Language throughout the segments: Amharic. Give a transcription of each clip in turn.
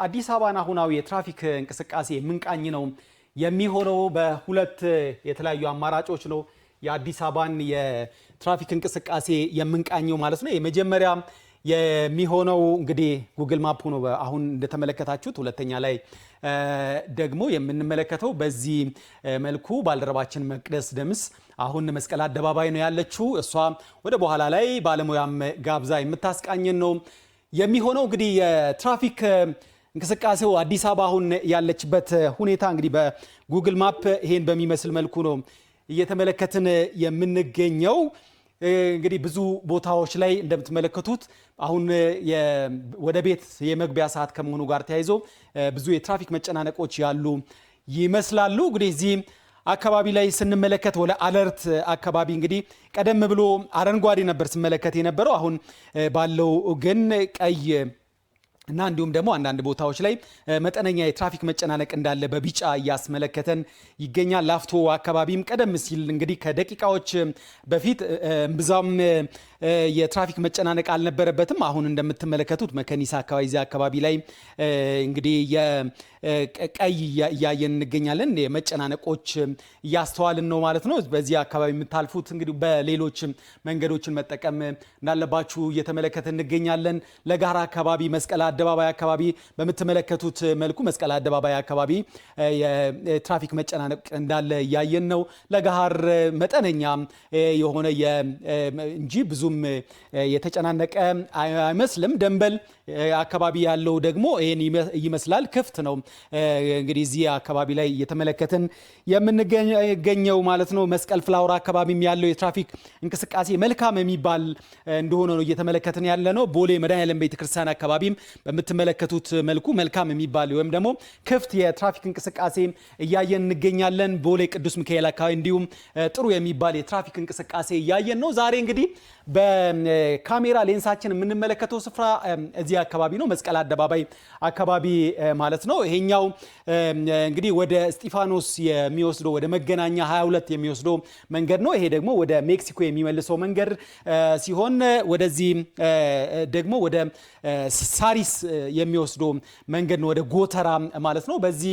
የአዲስ አበባን አሁናዊ የትራፊክ እንቅስቃሴ ምንቃኝ ነው የሚሆነው። በሁለት የተለያዩ አማራጮች ነው የአዲስ አበባን የትራፊክ እንቅስቃሴ የምንቃኘው ማለት ነው። የመጀመሪያ የሚሆነው እንግዲህ ጉግል ማፕ ነው አሁን እንደተመለከታችሁት። ሁለተኛ ላይ ደግሞ የምንመለከተው በዚህ መልኩ ባልደረባችን መቅደስ ደምስ አሁን መስቀል አደባባይ ነው ያለችው። እሷ ወደ በኋላ ላይ ባለሙያም ጋብዛ የምታስቃኝን ነው የሚሆነው እንግዲህ የትራፊክ እንቅስቃሴው አዲስ አበባ አሁን ያለችበት ሁኔታ እንግዲህ በጉግል ማፕ ይሄን በሚመስል መልኩ ነው እየተመለከትን የምንገኘው። እንግዲህ ብዙ ቦታዎች ላይ እንደምትመለከቱት አሁን ወደ ቤት የመግቢያ ሰዓት ከመሆኑ ጋር ተያይዞ ብዙ የትራፊክ መጨናነቆች ያሉ ይመስላሉ። እንግዲህ እዚህ አካባቢ ላይ ስንመለከት ወደ አለርት አካባቢ እንግዲህ ቀደም ብሎ አረንጓዴ ነበር ስመለከት የነበረው አሁን ባለው ግን ቀይ እና እንዲሁም ደግሞ አንዳንድ ቦታዎች ላይ መጠነኛ የትራፊክ መጨናነቅ እንዳለ በቢጫ እያስመለከተን ይገኛል። ላፍቶ አካባቢም ቀደም ሲል እንግዲህ ከደቂቃዎች በፊት ብዛም የትራፊክ መጨናነቅ አልነበረበትም። አሁን እንደምትመለከቱት መከኒሳ አካባቢ እዚያ አካባቢ ላይ እንግዲህ ቀይ እያየን እንገኛለን። የመጨናነቆች እያስተዋልን ነው ማለት ነው። በዚህ አካባቢ የምታልፉት እንግዲህ በሌሎች መንገዶችን መጠቀም እንዳለባችሁ እየተመለከተ እንገኛለን። ለጋራ አካባቢ መስቀል አደባባይ አካባቢ በምትመለከቱት መልኩ መስቀል አደባባይ አካባቢ የትራፊክ መጨናነቅ እንዳለ እያየን ነው። ለገሃር መጠነኛ የሆነ እንጂ ብዙም የተጨናነቀ አይመስልም። ደንበል አካባቢ ያለው ደግሞ ይህን ይመስላል። ክፍት ነው እንግዲህ እዚህ አካባቢ ላይ እየተመለከትን የምንገኘው ማለት ነው። መስቀል ፍላውራ አካባቢም ያለው የትራፊክ እንቅስቃሴ መልካም የሚባል እንደሆነ ነው እየተመለከትን ያለ ነው። ቦሌ መድኃኔዓለም ቤተክርስቲያን አካባቢም በምትመለከቱት መልኩ መልካም የሚባል ወይም ደግሞ ክፍት የትራፊክ እንቅስቃሴ እያየን እንገኛለን። ቦሌ ቅዱስ ሚካኤል አካባቢ እንዲሁም ጥሩ የሚባል የትራፊክ እንቅስቃሴ እያየን ነው። ዛሬ እንግዲህ በካሜራ ሌንሳችን የምንመለከተው ስፍራ እዚህ አካባቢ ነው፣ መስቀል አደባባይ አካባቢ ማለት ነው። ይሄኛው እንግዲህ ወደ እስጢፋኖስ የሚወስደው ወደ መገናኛ 22 የሚወስደው መንገድ ነው። ይሄ ደግሞ ወደ ሜክሲኮ የሚመልሰው መንገድ ሲሆን ወደዚህ ደግሞ ወደ ሳሪስ የሚወስዶ መንገድ ነው፣ ወደ ጎተራ ማለት ነው። በዚህ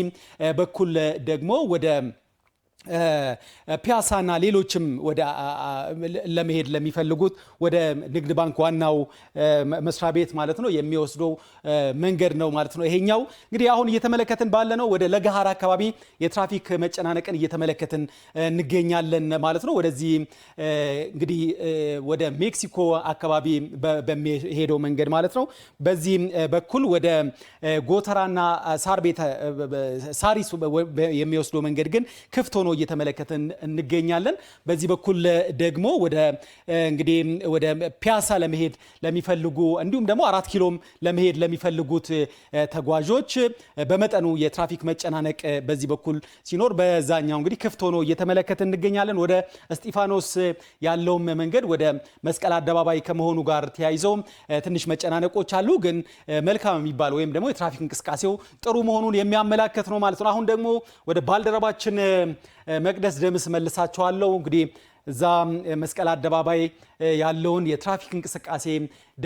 በኩል ደግሞ ወደ ፒያሳና ሌሎችም ወደ ለመሄድ ለሚፈልጉት ወደ ንግድ ባንክ ዋናው መስሪያ ቤት ማለት ነው የሚወስደው መንገድ ነው ማለት ነው። ይሄኛው እንግዲህ አሁን እየተመለከትን ባለነው ወደ ለገሃር አካባቢ የትራፊክ መጨናነቅን እየተመለከትን እንገኛለን ማለት ነው። ወደዚህ እንግዲህ ወደ ሜክሲኮ አካባቢ በሚሄደው መንገድ ማለት ነው። በዚህ በኩል ወደ ጎተራና ሳር ቤተ ሳሪስ የሚወስደው መንገድ ግን ክፍት ሆኖ ሆኖ እየተመለከትን እንገኛለን። በዚህ በኩል ደግሞ ወደ እንግዲህ ወደ ፒያሳ ለመሄድ ለሚፈልጉ እንዲሁም ደግሞ አራት ኪሎም ለመሄድ ለሚፈልጉት ተጓዦች በመጠኑ የትራፊክ መጨናነቅ በዚህ በኩል ሲኖር፣ በዛኛው እንግዲህ ክፍት ሆኖ እየተመለከትን እንገኛለን። ወደ እስጢፋኖስ ያለውም መንገድ ወደ መስቀል አደባባይ ከመሆኑ ጋር ተያይዘው ትንሽ መጨናነቆች አሉ። ግን መልካም የሚባል ወይም ደግሞ የትራፊክ እንቅስቃሴው ጥሩ መሆኑን የሚያመላከት ነው ማለት ነው። አሁን ደግሞ ወደ ባልደረባችን መቅደስ ደምስ መልሳቸዋለሁ። እንግዲህ እዛ መስቀል አደባባይ ያለውን የትራፊክ እንቅስቃሴ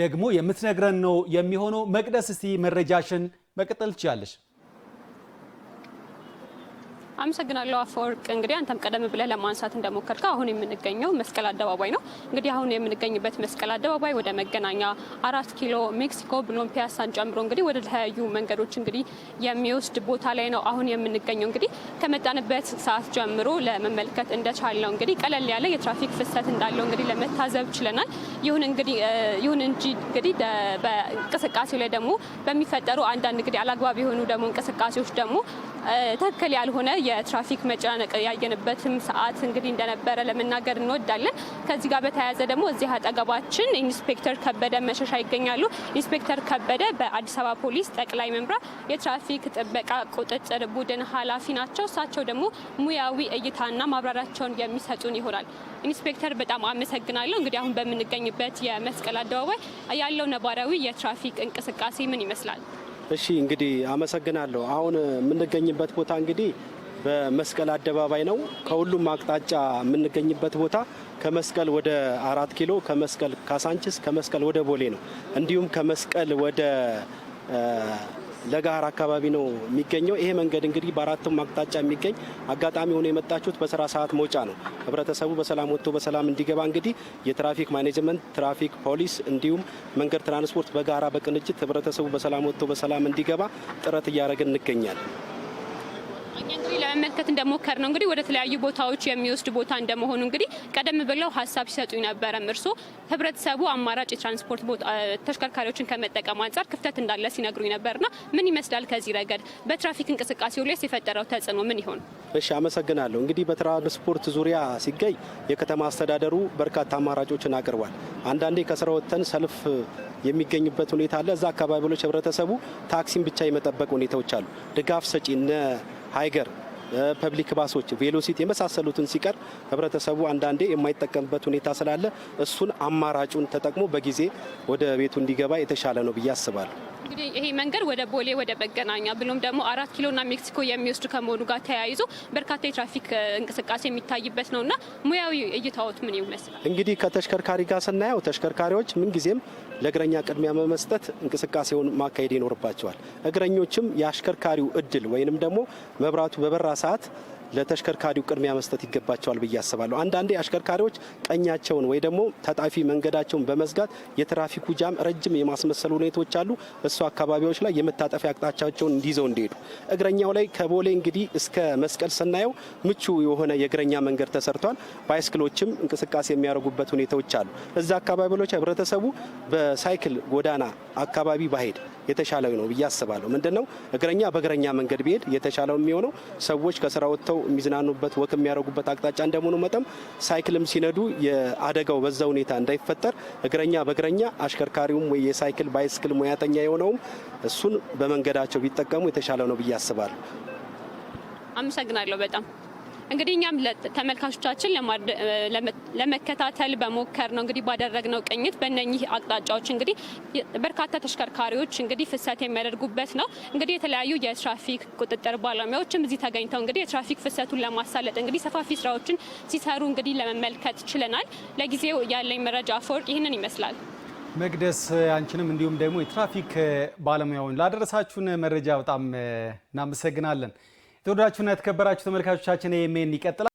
ደግሞ የምትነግረን ነው የሚሆነው። መቅደስ እስቲ መረጃሽን መቀጠል ትችላለሽ። አመሰግናለሁ አፈወርቅ። እንግዲህ አንተም ቀደም ብለህ ለማንሳት እንደሞከርከው አሁን የምንገኘው መስቀል አደባባይ ነው። እንግዲህ አሁን የምንገኝበት መስቀል አደባባይ ወደ መገናኛ፣ አራት ኪሎ፣ ሜክሲኮ ብሎም ፒያሳን ጨምሮ እንግዲህ ወደ ተለያዩ መንገዶች እንግዲህ የሚወስድ ቦታ ላይ ነው አሁን የምንገኘው። እንግዲህ ከመጣንበት ሰዓት ጀምሮ ለመመልከት እንደቻልነው እንግዲህ ቀለል ያለ የትራፊክ ፍሰት እንዳለው እንግዲህ ለመታዘብ ችለናል። ይሁን እንግዲህ ይሁን እንጂ እንግዲህ በእንቅስቃሴው ላይ ደግሞ በሚፈጠሩ አንዳንድ እንግዲህ አላግባብ የሆኑ ደግሞ እንቅስቃሴዎች ደግሞ ትክክል ያልሆነ የትራፊክ መጨናነቅ ያየንበትም ሰዓት እንግዲህ እንደነበረ ለመናገር እንወዳለን። ከዚህ ጋር በተያያዘ ደግሞ እዚህ አጠገባችን ኢንስፔክተር ከበደ መሸሻ ይገኛሉ። ኢንስፔክተር ከበደ በአዲስ አበባ ፖሊስ ጠቅላይ መምሪያ የትራፊክ ጥበቃ ቁጥጥር ቡድን ኃላፊ ናቸው። እሳቸው ደግሞ ሙያዊ እይታና ማብራሪያቸውን የሚሰጡን ይሆናል። ኢንስፔክተር በጣም አመሰግናለሁ። እንግዲህ አሁን በምንገኝበት የመስቀል አደባባይ ያለው ነባራዊ የትራፊክ እንቅስቃሴ ምን ይመስላል? እሺ እንግዲህ አመሰግናለሁ። አሁን የምንገኝበት ቦታ እንግዲህ በመስቀል አደባባይ ነው። ከሁሉም አቅጣጫ የምንገኝበት ቦታ ከመስቀል ወደ አራት ኪሎ፣ ከመስቀል ካሳንችስ፣ ከመስቀል ወደ ቦሌ ነው። እንዲሁም ከመስቀል ወደ ለጋር አካባቢ ነው የሚገኘው። ይሄ መንገድ እንግዲህ በአራቱም አቅጣጫ የሚገኝ አጋጣሚ ሆኖ የመጣችሁት በስራ ሰዓት መውጫ ነው። ህብረተሰቡ በሰላም ወጥቶ በሰላም እንዲገባ እንግዲህ የትራፊክ ማኔጅመንት፣ ትራፊክ ፖሊስ እንዲሁም መንገድ ትራንስፖርት በጋራ በቅንጅት ህብረተሰቡ በሰላም ወጥቶ በሰላም እንዲገባ ጥረት እያደረግን እንገኛለን። እኛ ለመመልከት እንደሞከር ነው እንግዲህ ወደ ተለያዩ ቦታዎች የሚወስድ ቦታ እንደመሆኑ እንግዲህ ቀደም ብለው ሀሳብ ሲሰጡ ነበረም። እርሶ ህብረተሰቡ አማራጭ የትራንስፖርት ተሽከርካሪዎችን ከመጠቀሙ አንጻር ክፍተት እንዳለ ሲነግሩ ነበርና ምን ይመስላል ከዚህ ረገድ በትራፊክ እንቅስቃሴው ላይ የፈጠረው ተጽዕኖ ምን ይሆን? እሺ፣ አመሰግናለሁ። እንግዲህ በትራንስፖርት ዙሪያ ሲገኝ የከተማ አስተዳደሩ በርካታ አማራጮችን አቅርቧል። አንዳንዴ ከስራ ወጥተን ሰልፍ የሚገኝበት ሁኔታ አለ። እዛ አካባቢዎች ህብረተሰቡ ታክሲን ብቻ የመጠበቅ ሁኔታዎች አሉ። ድጋፍ ሰጪ ሀይገር ፐብሊክ ባሶች፣ ቬሎሲቲ የመሳሰሉትን ሲቀር ህብረተሰቡ አንዳንዴ የማይጠቀምበት ሁኔታ ስላለ እሱን አማራጩን ተጠቅሞ በጊዜ ወደ ቤቱ እንዲገባ የተሻለ ነው ብዬ አስባለሁ። እንግዲህ ይሄ መንገድ ወደ ቦሌ ወደ መገናኛ ብሎም ደግሞ አራት ኪሎና ሜክሲኮ የሚወስድ ከመሆኑ ጋር ተያይዞ በርካታ የትራፊክ እንቅስቃሴ የሚታይበት እና ሙያዊ እይታዎት ምን ይመስላል? እንግዲህ ከተሽከርካሪ ጋር ስናየው ተሽከርካሪዎች ምንጊዜም ለእግረኛ ቅድሚያ በመስጠት እንቅስቃሴውን ማካሄድ ይኖርባቸዋል። እግረኞችም የአሽከርካሪው እድል ወይንም ደግሞ መብራቱ በበራ ሰዓት ለተሽከርካሪው ቅድሚያ መስጠት ይገባቸዋል ብዬ አስባለሁ። አንዳንዴ አሽከርካሪዎች ቀኛቸውን ወይ ደግሞ ተጣፊ መንገዳቸውን በመዝጋት የትራፊኩ ጃም ረጅም የማስመሰል ሁኔታዎች አሉ። እሱ አካባቢዎች ላይ የመታጠፊያ አቅጣጫቸውን እንዲይዘው እንዲሄዱ እግረኛው ላይ ከቦሌ እንግዲህ እስከ መስቀል ስናየው ምቹ የሆነ የእግረኛ መንገድ ተሰርቷል። ባይስክሎችም እንቅስቃሴ የሚያደርጉበት ሁኔታዎች አሉ። እዛ አካባቢዎች ህብረተሰቡ በሳይክል ጎዳና አካባቢ ባሄድ የተሻለ ነው ብዬ አስባለሁ። ምንድን ነው እግረኛ በእግረኛ መንገድ ቢሄድ የተሻለው የሚሆነው ሰዎች ከስራ ወጥተው የሚዝናኑበት ወክ የሚያደርጉበት አቅጣጫ እንደመሆኑ መጠን ሳይክልም ሲነዱ የአደጋው በዛ ሁኔታ እንዳይፈጠር እግረኛ በእግረኛ አሽከርካሪውም ወይ የሳይክል ባይስክል ሙያተኛ የሆነውም እሱን በመንገዳቸው ቢጠቀሙ የተሻለ ነው ብዬ አስባለሁ። አመሰግናለሁ በጣም እንግዲህ እኛም ተመልካቾቻችን ለመከታተል በሞከር ነው እንግዲህ ባደረግነው ቅኝት በእነኚህ አቅጣጫዎች እንግዲህ በርካታ ተሽከርካሪዎች እንግዲህ ፍሰት የሚያደርጉበት ነው። እንግዲህ የተለያዩ የትራፊክ ቁጥጥር ባለሙያዎችም እዚህ ተገኝተው እንግዲህ የትራፊክ ፍሰቱን ለማሳለጥ እንግዲህ ሰፋፊ ስራዎችን ሲሰሩ እንግዲህ ለመመልከት ችለናል። ለጊዜው ያለኝ መረጃ አፈወርቅ ይህንን ይመስላል። መቅደስ አንቺንም እንዲሁም ደግሞ የትራፊክ ባለሙያውን ላደረሳችሁን መረጃ በጣም እናመሰግናለን። የተወደዳችሁና የተከበራችሁ ተመልካቾቻችን ኤኤምኤን ይቀጥላል።